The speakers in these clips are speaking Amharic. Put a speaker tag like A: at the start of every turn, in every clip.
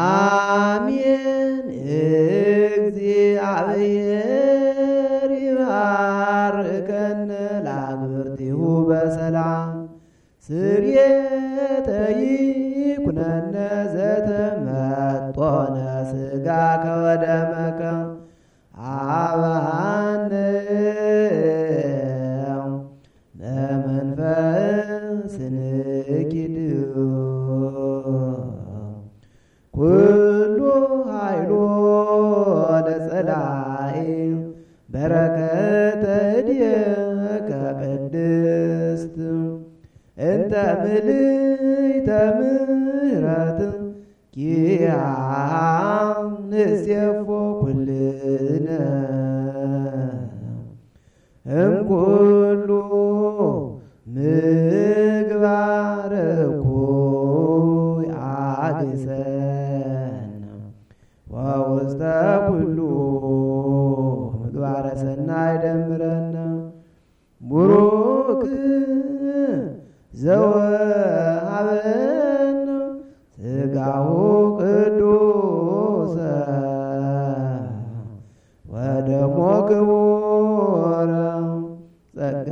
A: አሜን። እግዚአብሔር ይባርከነ ላግብርቲሁ በሰላም ስርየተ ይኩነነ ዘተመጦነ ስጋ ከወደመከ ኩሉ ኃይሎ ለጸዳይ በረከተ እድየከ ቅድስት እንተ ምልዕተ ምሕረት ኪያ ንሴፎ ኩልነ እምኩሉ ምግባር እኩይ አግሰ ውስተ ኩሉ ምግባረ ሰናይ ደምረነ ቡሩክ ዘወሀበነ ሥጋሁ ቅዱሰ ወደሞ ክቡረ ጸጋ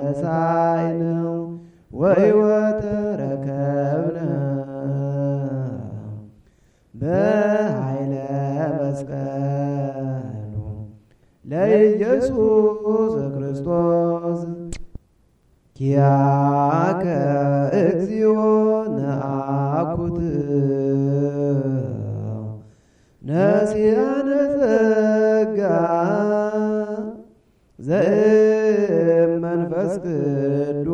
A: ነሳይነው ወይወተ በኃይለ መስቀሉ ለኢየሱስ ክርስቶስ ኪያከ እግዚኦ ነአኩትው ነሲያነ ጸጋ ዘእም መንፈስ ቅዱስ